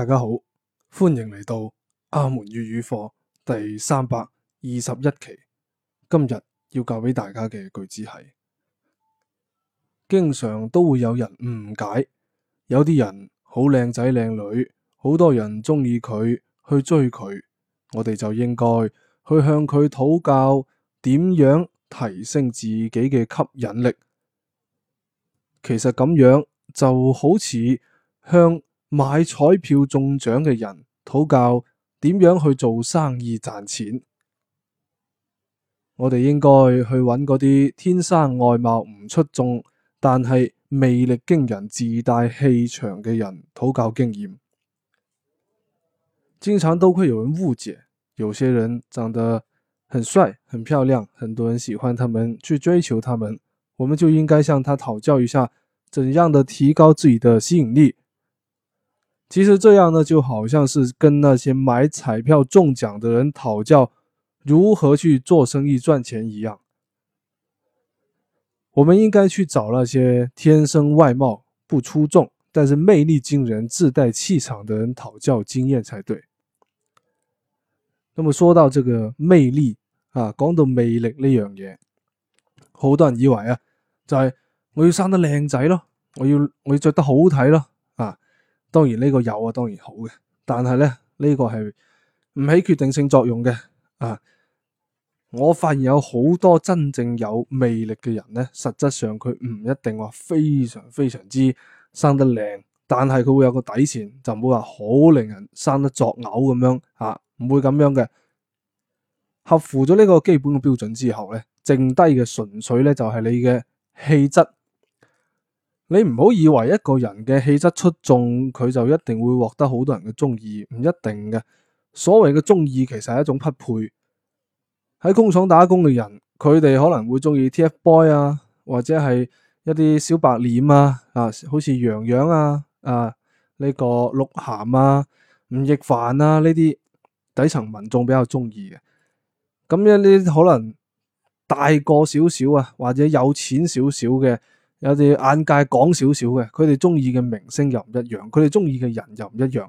大家好，歡迎嚟到阿門粵語課第三百二十一期。今日要教俾大家嘅句子係：經常都會有人誤解，有啲人好靚仔靚女，好多人鍾意佢去追佢，我哋就應該去向佢討教點樣提升自己嘅吸引力。其實咁樣就好似向買彩票中獎嘅人討教點樣去做生意賺錢。我哋應該去搵嗰啲天生外貌唔出眾，但係魅力驚人、自帶氣場嘅人討教經驗。經常都會有人誤解，有些人長得很帥、很漂亮，很多人喜歡他們去追求他們，我們就應該向他討教一下，怎樣的提高自己的吸引力。其實這樣呢，就好像是跟那些買彩票中獎的人討教如何去做生意賺錢一樣。我們應該去找那些天生外貌不出眾，但是魅力驚人、自帶氣場的人討教經驗才對。那麼說到這個魅力啊，講到魅力呢樣嘢，好多人以為啊，就係我要生得靚仔咯，我要我要着得好睇咯，啊。當然呢個有啊，當然好嘅。但係呢，呢、呢個係唔起決定性作用嘅。啊，我發現有好多真正有魅力嘅人呢，實質上佢唔一定話非常非常之生得靚，但係佢會有個底線，就唔會話好令人生得作嘔咁、啊、樣吓，唔會咁樣嘅。合乎咗呢個基本嘅標準之後呢，剩低嘅純粹呢，就係、係、你嘅氣質。你唔好以為一個人嘅氣質出眾，佢就一定會獲得好多人嘅中意，唔一定嘅。所謂嘅中意，其實係一種匹配。喺工廠打工嘅人，佢哋可能會中意 TFBOY 啊，或者係一啲小白臉啊，啊，好似楊洋啊，啊，呢、這個鹿晗啊，吳亦凡啊，呢啲底層民眾比較中意嘅。咁樣呢啲可能大個少少啊，或者有錢少少嘅。有啲眼界講少少嘅，佢哋中意嘅明星又唔一樣，佢哋中意嘅人又唔一樣。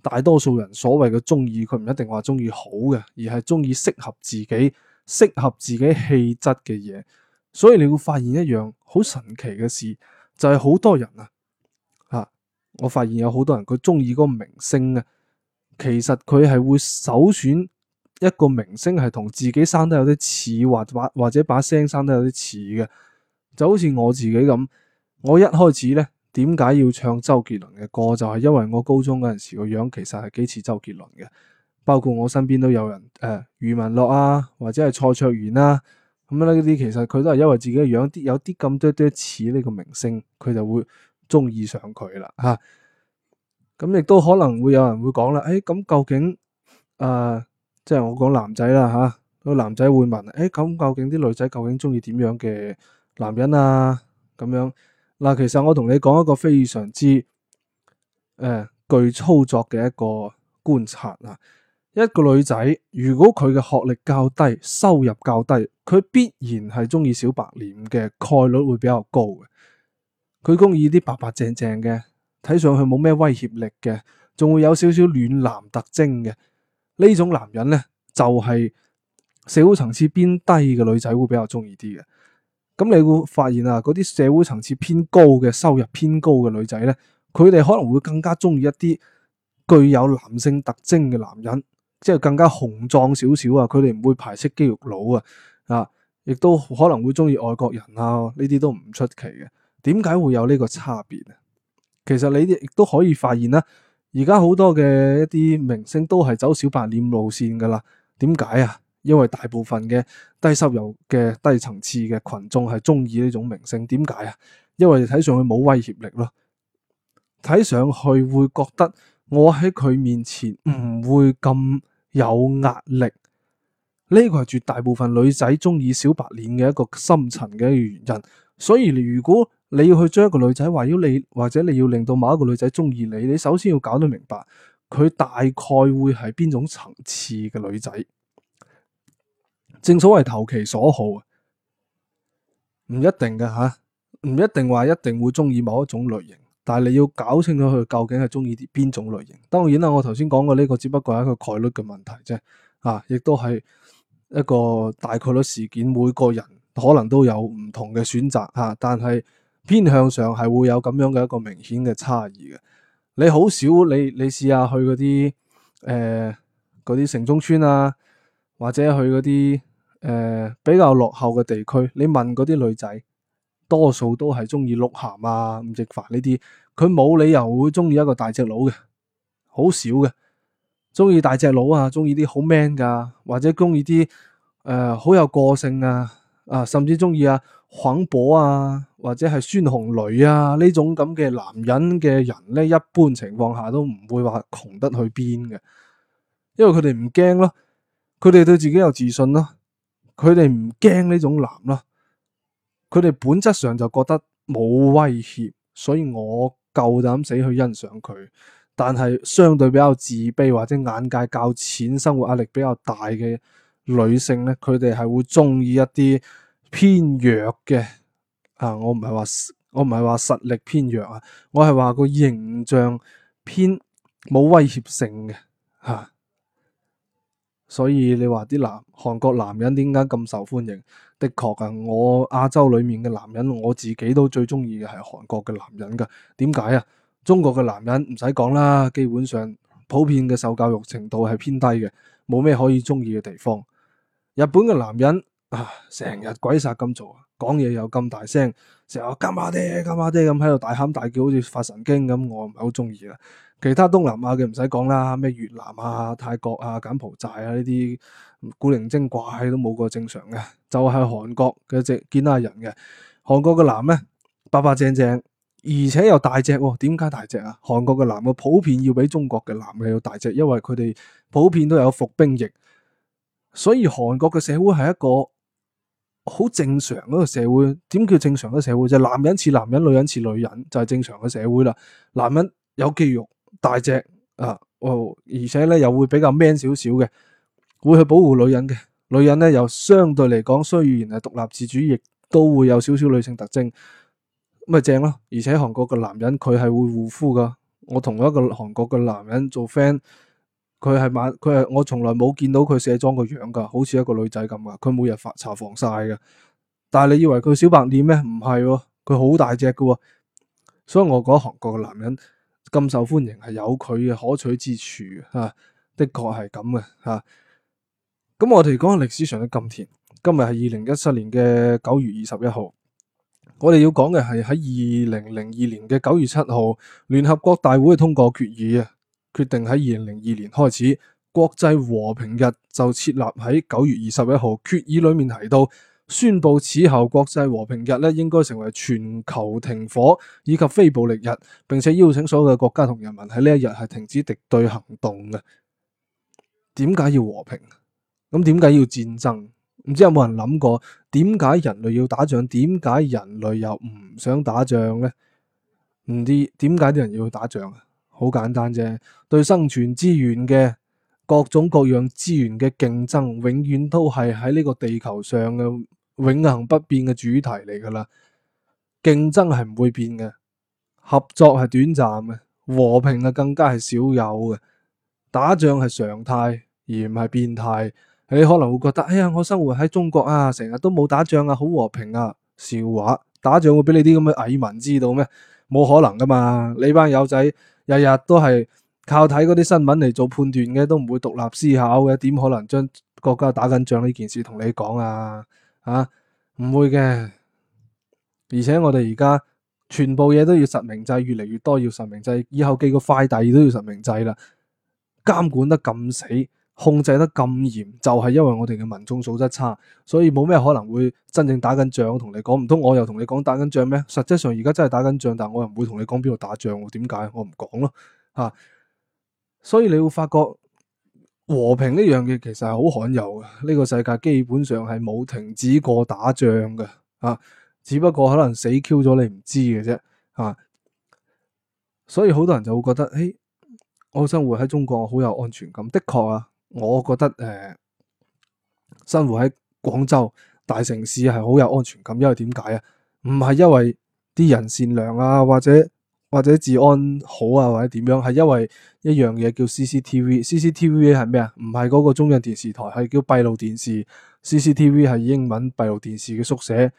大多數人所謂嘅中意，佢唔一定話中意好嘅，而係中意適合自己、適合自己氣質嘅嘢。所以你會發現一樣好神奇嘅事，就係、是、好多人啊吓，我發現有好多人佢中意嗰個明星啊，其實佢係會首選一個明星係同自己生得有啲似，或或或者把聲生得有啲似嘅。就好似我自己咁，我一開始咧，點解要唱周杰倫嘅歌？就係因為我高中嗰陣時個樣，其實係幾似周杰倫嘅。包括我身邊都有人，誒，余文樂啊，或者係蔡卓妍啊，咁咧呢啲其實佢都係因為自己嘅樣，啲有啲咁多多似呢個明星，佢就會中意上佢啦。吓，咁亦都可能會有人會講啦，誒，咁究竟，誒，即係我講男仔啦，吓，個男仔會問，誒，咁究竟啲女仔究竟中意點樣嘅？男人啊，咁樣嗱，其實我同你講一個非常之誒、呃、具操作嘅一個觀察啊，一個女仔如果佢嘅學歷較低、收入較低，佢必然係中意小白臉嘅概率會比較高嘅。佢中意啲白白淨淨嘅，睇上去冇咩威脅力嘅，仲會有少少暖男特徵嘅呢種男人咧，就係社會層次邊低嘅女仔會比較中意啲嘅。咁你會發現啊，嗰啲社會層次偏高嘅收入偏高嘅女仔咧，佢哋可能會更加中意一啲具有男性特徵嘅男人，即係更加雄壯少少啊，佢哋唔會排斥肌肉佬啊，啊，亦都可能會中意外國人啊，呢啲都唔出奇嘅。點解會有呢個差別啊？其實你哋亦都可以發現啦，啊，而家好多嘅一啲明星都係走小白臉路線噶啦。點解啊？因為大部分嘅低收入嘅低層次嘅群眾係中意呢種明星，點解啊？因為睇上去冇威脅力咯，睇上去會覺得我喺佢面前唔會咁有壓力。呢個係絕大部分女仔中意小白臉嘅一個深層嘅原因。所以如果你要去將一個女仔懷咗你，或者你要令到某一個女仔中意你，你首先要搞得明白，佢大概會係邊種層次嘅女仔。正所謂投其所好啊，唔一定嘅吓，唔一定話一定會中意某一種類型，但係你要搞清楚佢究竟係中意啲邊種類型。當然啦，我頭先講嘅呢個只不過係一個概率嘅問題啫，啊，亦都係一個大概率事件。每個人可能都有唔同嘅選擇吓，但係偏向上係會有咁樣嘅一個明顯嘅差異嘅。你好少你你試下去嗰啲誒嗰啲城中村啊，或者去嗰啲。誒、呃，比較落後嘅地區，你問嗰啲女仔，多數都係中意鹿晗啊、吳亦凡呢啲，佢冇理由會中意一個大隻佬嘅，好少嘅，中意大隻佬啊，中意啲好 man 噶、啊，或者中意啲誒好有個性啊啊，甚至中意啊、黃渤啊，或者係孫紅雷啊呢種咁嘅男人嘅人咧，一般情況下都唔會話窮得去邊嘅，因為佢哋唔驚咯，佢哋對自己有自信咯。佢哋唔驚呢種男咯，佢哋本質上就覺得冇威脅，所以我夠膽死去欣賞佢。但係相對比較自卑或者眼界較淺、生活壓力比較大嘅女性咧，佢哋係會中意一啲偏弱嘅啊。我唔係話我唔係話實力偏弱啊，我係話個形象偏冇威脅性嘅吓。啊所以你話啲男韓國男人點解咁受歡迎？的確啊，我亞洲裏面嘅男人，我自己都最中意嘅係韓國嘅男人噶。點解啊？中國嘅男人唔使講啦，基本上普遍嘅受教育程度係偏低嘅，冇咩可以中意嘅地方。日本嘅男人啊，成日鬼殺咁做啊，講嘢又咁大聲，成日金馬爹金馬爹咁喺度大喊大叫，好似發神經咁，我唔係好中意啊。其他東南亞嘅唔使講啦，咩越南啊、泰國啊、柬埔寨啊呢啲古靈精怪都冇個正常嘅。就係韓國嘅只見下人嘅，韓國嘅男咧白白淨淨，而且又大隻喎。點解大隻啊？韓國嘅男嘅普遍要比中國嘅男嘅要大隻，因為佢哋普遍都有服兵役。所以韓國嘅社會係一個好正常嗰個社會。點叫正常嘅社會？就係男人似男人，女人似女人，就係正常嘅社會啦。男人有肌肉。大隻啊哦，而且咧又會比較 man 少少嘅，會去保護女人嘅。女人咧又相對嚟講，雖然係獨立自主，亦都會有少少女性特徵，咁咪正咯。而且韓國嘅男人佢係會護膚噶。我同一個韓國嘅男人做 friend，佢係晚佢係我從來冇見到佢卸妝個樣噶，好似一個女仔咁噶。佢每日化搽防晒噶，但係你以為佢小白臉咩？唔係，佢好大隻噶。所以我覺得韓國嘅男人，咁受歡迎係有佢嘅可取之處啊，的確係咁嘅吓。咁、啊嗯、我哋講下歷史上嘅今天。今日係二零一七年嘅九月二十一號。我哋要講嘅係喺二零零二年嘅九月七號，聯合國大會通過決議啊，決定喺二零零二年開始國際和平日就設立喺九月二十一號。決議裏面提到。宣布此後國際和平日咧，應該成為全球停火以及非暴力日，並且邀請所有嘅國家同人民喺呢一日係停止敵對行動嘅。點解要和平？咁點解要戰爭？唔知有冇人諗過？點解人類要打仗？點解人類又唔想打仗呢？唔知點解啲人要打仗？好簡單啫，對生存資源嘅各種各樣資源嘅競爭，永遠都係喺呢個地球上嘅永恆不變嘅主題嚟噶啦，競爭係唔會變嘅，合作係短暫嘅，和平啊更加係少有嘅，打仗係常態而唔係變態。你可能會覺得，哎呀，我生活喺中國啊，成日都冇打仗啊，好和平啊！笑話，打仗會俾你啲咁嘅蟻民知道咩？冇可能噶嘛！你班友仔日日都係靠睇嗰啲新聞嚟做判斷嘅，都唔會獨立思考嘅，點可能將國家打緊仗呢件事同你講啊？吓，唔會嘅，而且我哋而家全部嘢都要實名制，越嚟越多要實名制，以後寄個快遞都要實名制啦。監管得咁死，控制得咁嚴，就係因為我哋嘅民眾素質差，所以冇咩可能會真正打緊仗。我同你講唔通，我又同你講打緊仗咩？實質上而家真係打緊仗，但我又唔會同你講邊度打仗喎？點解？我唔講咯，吓，所以你會發覺。和平呢樣嘢其實係好罕有嘅，呢個世界基本上係冇停止過打仗嘅，啊，只不過可能死 Q 咗你唔知嘅啫，啊，所以好多人就會覺得，誒，我生活喺中國好有安全感，的確啊，我覺得誒，生活喺廣州大城市係好有安全感，因為點解啊？唔係因為啲人善良啊，或者，或者治安好啊，或者點樣，係因為一樣嘢叫 CCTV。CCTV 係咩啊？唔係嗰個中央電視台，係叫閉路電視。CCTV 係英文閉路電視嘅縮寫。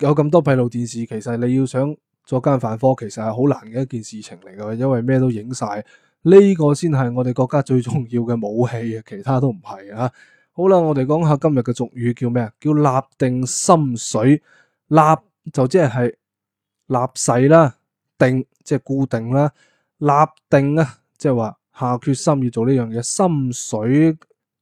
有咁多閉路電視，其實你要想作奸犯科，其實係好難嘅一件事情嚟嘅，因為咩都影晒。呢個先係我哋國家最重要嘅武器啊，其他都唔係啊。好啦，我哋講下今日嘅俗語叫咩啊？叫立定心水。立就即係立誓啦。定即係固定啦，立定啊，即係話下決心要做呢樣嘢。心水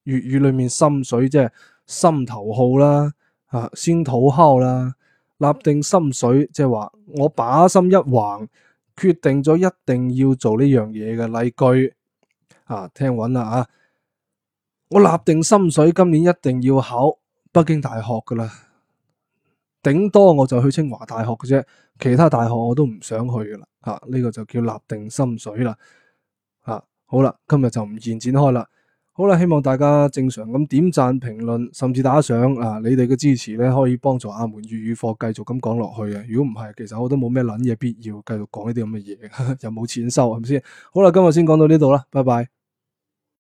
粵語裏面心水即係心頭好啦，啊，先討敲啦，立定心水，即係話我把心一橫，決定咗一定要做呢樣嘢嘅例句啊，聽穩啦啊，我立定心水，今年一定要考北京大學㗎啦。頂多我就去清華大學嘅啫，其他大學我都唔想去噶啦。吓、啊，呢、呢個就叫立定心水啦。吓、啊，好啦，今日就唔延展開啦。好啦，希望大家正常咁點讚、評論，甚至打賞啊，你哋嘅支持咧，可以幫助阿門粵語課繼續咁講落去嘅。如果唔係，其實我都冇咩捻嘢必要繼續講呢啲咁嘅嘢，又 冇錢收，係咪先？好啦，今日先講到呢度啦，拜拜。